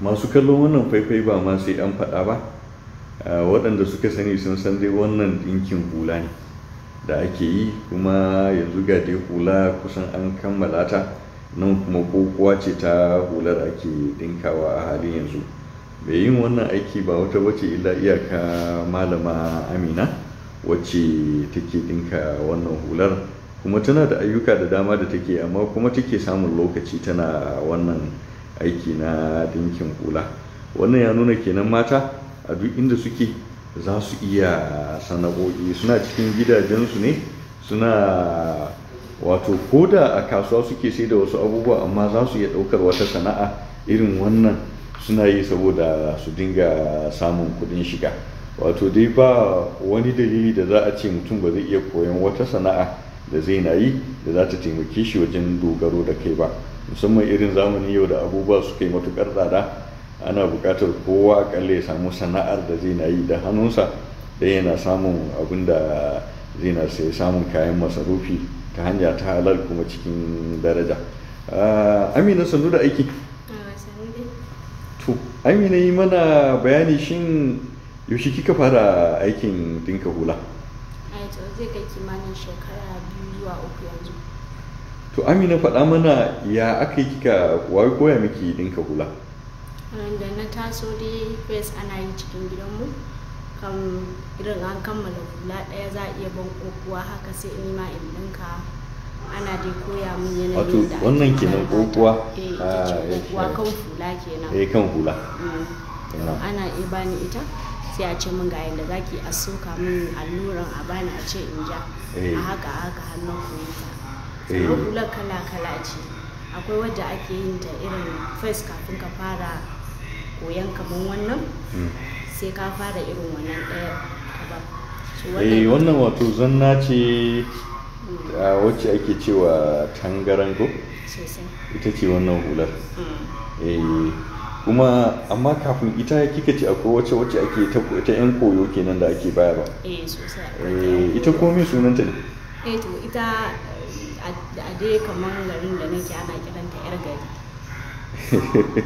masu kallon wannan faifai ba ma sai an faɗa ba ah, waɗanda suka sani sun san dai wannan ɗinkin hula ne da ake yi kuma yanzu ga dai hula kusan an kammala ta nan kuma kokowa ce ta hular ake ɗinkawa a halin yanzu mai yin wannan aiki ba wata wace illa iyaka malama amina wacce take ɗinka wannan hular kuma tana da ayyuka da dama da take amma kuma take samun lokaci tana wannan aiki na dinkin kula wannan ya nuna kenan mata a duk inda suke za su iya sana'o'i suna cikin gidajensu ne suna wato ko da a kasuwa suke sai da wasu abubuwa amma za su iya ɗaukar wata sana'a irin wannan suna yi saboda su dinga samun kuɗin shiga wato dai ba wani dalili da za a ce mutum ba zai iya koyan wata sana'a da zai na yi da za ta taimake shi wajen dogaro da kai ba musamman irin zamani yau da abubuwa suka yi matukar tsada ana buƙatar kowa akalla ya samu sana'ar da zai na yi da hannunsa da yana samun abin da zai na sai samun kayan masarufi ta hanya ta halal kuma cikin daraja ah, amina sannu da aiki ah, to amina yi mana bayani shin yaushe kika fara aikin dinka hula eh, zai kai kimanin shekara biyu zuwa uku yanzu to amina faɗa mana ya aka yi kika wai koya miki dinka hula da na taso dai fes ana yi cikin gidanmu kan irin an kammala kula ɗaya za a iya ban kokuwa haka sai in ma in dinka ana dai koya min yanayin da wannan kenan kokuwa eh kokuwa ah, kan hula kenan eh kan hula mm. ana iya bani ita sai a ce min ga yadda zaki a soka min alluran a bani a ce in ja eh. a haka haka hannun kuma kuma hular kala-kala ce akwai wadda ake yin ta irin first kafin ka fara koyan kamar wannan hmm. sai ka fara irin wannan ɗaya ba eh, wannan wato zanna ce wacce ake cewa tangarango ita ce wannan hular hmm. eh, kuma amma kafin ita kika ce akwai wacce wacce ake ta yan koyo kenan da ake bayarwa eh sosai eh, ita komai sunanta ne eh to ita a dai kamar garin da nake ana kiranta yar gari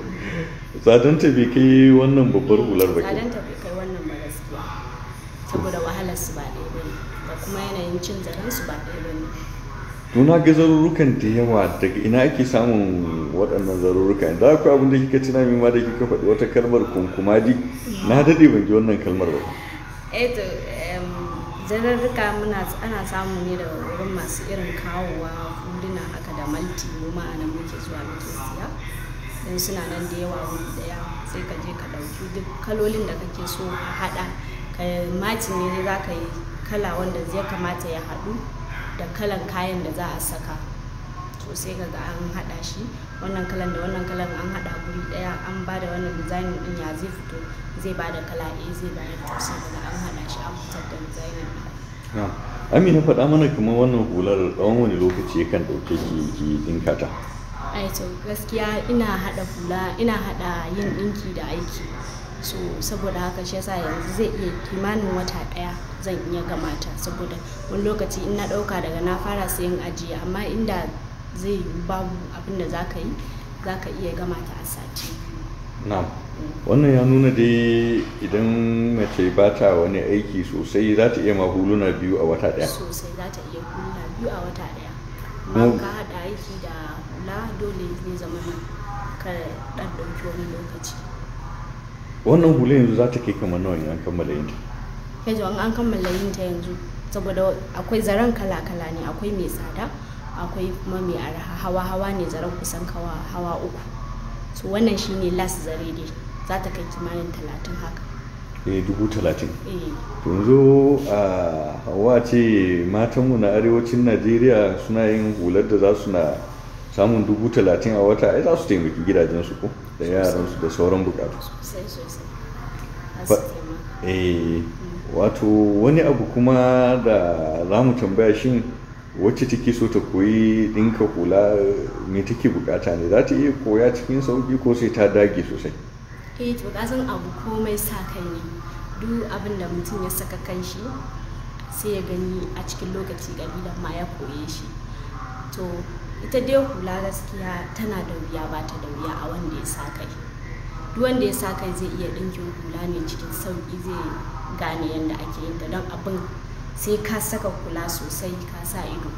tsadanta bai kai wannan babbar hular ba ta bai kai wannan ba gaskiya saboda wahalar su ba ɗaya bane da kuma yanayin cin zaren su ba ɗaya bane Tuna ga zarurrukan da yawa daga ina ake samun waɗannan zarurruka da akwai abin da kika tuna min ma da kika faɗi wata kalmar kunkumadi na daɗe ban ji wannan kalmar ba. Eh to zararruka muna ana samu ne daga wurin masu irin kawowa huluna haka da malti noma a nan muke zuwa muke siya don suna nan da yawa wuri daya sai ka je ka ɗauki duk kalolin da kake so a haɗa ka maci ne za ka yi kala wanda zai kamata ya haɗu da kalan kayan da za a saka to sai ka ga an haɗa shi wannan kalan da wannan kalan an haɗa guri daya an ba da wannan design ɗin ya zai fito zai ba da kala a zai bayar to sai ka ga an haɗa shi an fitar da amina faɗa mana kuma wannan hular tsawon wani lokaci kan ɗauke ki dinka ta to gaskiya ina haɗa hula ina haɗa yin ɗinki da aiki so saboda haka shi yasa yanzu zai iya kimanin wata ɗaya zan iya gamata saboda wani lokaci ina ɗauka daga na fara sayan ajiye amma inda zai babu abin da za ka yi za ka iya gamata a sati wannan ya nuna dai idan mace ba ta wani aiki sosai za ta iya ma huluna biyu a wata daya sosai za ta iya huluna biyu a wata daya kuma ka hada aiki da hula dole ne zama ka dan dauki wani lokaci wannan hula yanzu za ta kai kamar nawa ne an kammala yin ta yanzu an kammala yin ta yanzu saboda akwai zaren kala-kala ne akwai mai tsada akwai kuma mai araha hawa-hawa ne zaren kusan hawa uku so wannan shine last zare dai za ta kai kimanin talatin haka eh dubu talatin eh. yanzu a hawa ce matanmu na arewacin najeriya suna yin hular da za su na samun dubu talatin a wata ai za su taimaki gidajensu ko da yaransu da sauran bukatu eh, mm. wato wani abu kuma da za mu tambaya shi wacce take so ta koyi dinka hula me take bukata ne za ta iya koya cikin sauki ko sai ta dage sosai eh to kasan abu komai sa kai ne duk abin da mutum ya saka kan shi sai ya gani a cikin lokaci ƙalilan ma ya koye shi to ita dai hula gaskiya tana da wuya ba ta da wuya a wanda ya sa kai duk wanda ya sa kai zai iya ɗinkin hula ne cikin sauki zai gane yadda ake yin ta don abin sai ka saka kula sosai ka sa ido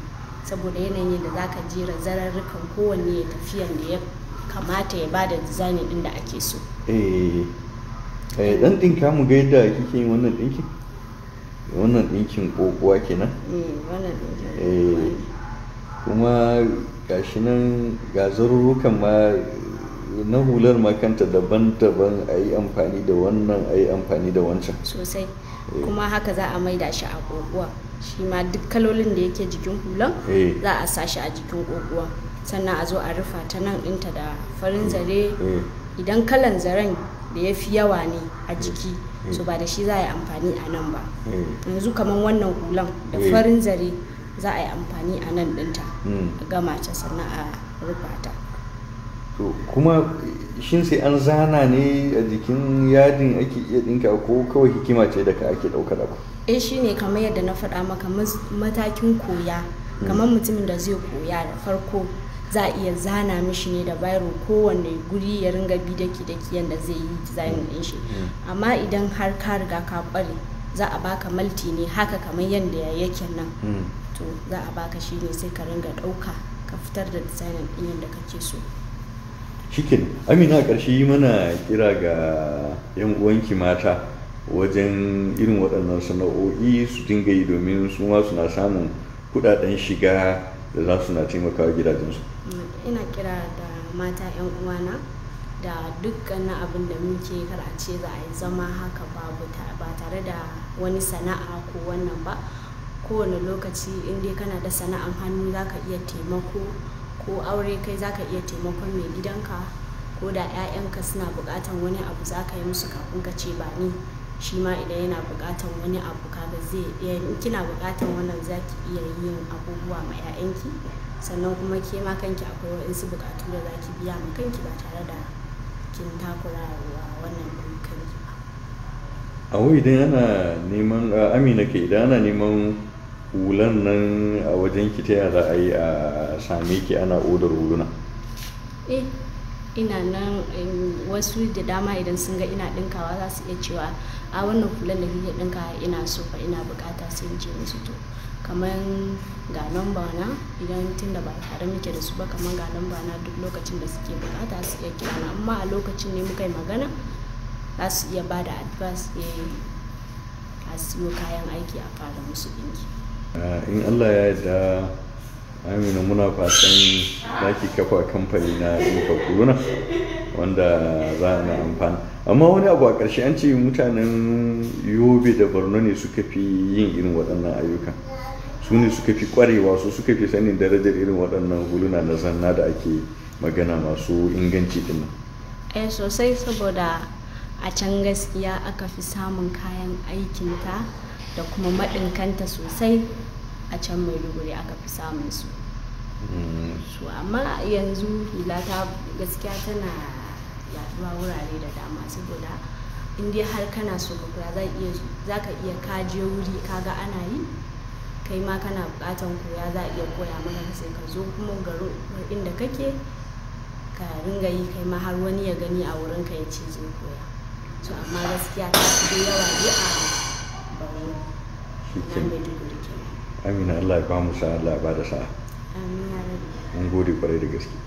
saboda yanayin yadda za ka jera zararrukan kowanne ya tafiyan da ya kamata ya bada dizainin din da ake so eh dan eh, dinka mu ga yadda kike yin wannan dinkin wannan dinkin kokowa kenan eh wannan dinkin eh kuma gashi nan ga zarurrukan ma na hular ma kanta daban-daban a yi amfani da wannan a yi amfani da wancan sosai Eh. kuma haka za a maida shi a koguwa shi ma duk kalolin da yake jikin hulan eh. za a sa shi a jikin koguwa sannan a zo a rufa ta nan ɗinta da farin hmm. zare eh. idan kalan zaren da ya fi yawa ne a hmm. jiki so hmm. ba da shi za a yi amfani a nan ba yanzu kamar wannan hulan da farin zare za a yi amfani a nan ɗinta gama ta sannan a rufa ta to kuma shin sai an zana ne a jikin yadin ake iya dinka ko kawai hikima ce da ka ake daukar E eh shine kamar yadda na faɗa maka matakin koya kamar mutumin da zai koya da farko za a iya zana mishi ne da bayro kowanne guri ya ringa bi daki daki yadda zai yi design din shi amma idan har ka riga ka bare za a baka malti ne haka kamar yadda yake nan hmm. to za a baka shi ne sai ka ringa ɗauka ka fitar da design din yadda kake so shikin amina ƙarshe yi mana kira ga yan uwanki mata wajen irin waɗannan sana'o'i su dinga yi domin su ma suna samun kuɗaɗen shiga da za su na taimakawa gidajensu ina kira da mata yan uwana da dukkanin abin da muke kar a za a yi zama haka babu ba tare da wani sana'a ko wannan ba kowane lokaci in kana da sana'an hannu za ka iya taimako ko aure kai za ka iya taimakon mai gidanka ko da 'ya'yanka suna buƙatan wani abu za ka yi musu kafin ka ce ba ni shi ma idan yana buƙatan wani abu kaga zai iya in kina buƙatan wannan za ki iya yin abubuwa ma 'ya'yanki sannan kuma ke ma kanki akwai waɗansu buƙatu da za ki biya ma kanki ba tare da kin takura wa wannan kanki ba. a idan ana neman amina ke idan ana neman hulan nan a wajen ki ta za a yi a same ki ana odar huluna eh ina nan wasu da dama idan sun ga ina dinkawa za su iya cewa a wannan hulan da kike dinka ina so fa ina bukata sai in ce musu to kamar ga lamba na idan tun da ba tare muke da su ba kamar ga namba na duk lokacin da suke bukata su iya kira na amma a lokacin ne muka yi magana za su iya ba da advice eh, a siyo kayan aiki a fara musu dinki Eh, in allah ya yarda amina muna fatan za ki kafa kamfani na rufa kuruna wanda za na amfana amma wani abu a ƙarshe an ce mutanen yobe da borno ne suka fi yin irin waɗannan ayyukan su ne suka fi ƙwarewa su suka fi sanin darajar irin waɗannan huluna na zanna da ake magana masu inganci ɗin eh sosai saboda a can gaskiya aka fi samun kayan aikinta da kuma maɗinkanta sosai a can mai maiduguri aka fi samun su mm. su amma yanzu hula ta gaskiya tana yaduwa wurare da dama saboda inda har kana so ka za ka iya kaje wuri kaga ana yi kai ma kana bukatan koya za a iya koya maka sai ka zo kuma garo inda kake ka ringa yi kai ma har wani ya gani a wurin ka ya ce zai koya amma gaskiya ta fi yawa dai a amina Allah ya ba mu sa'a Allah ya ba da sa'a mun gode kwarai da gaske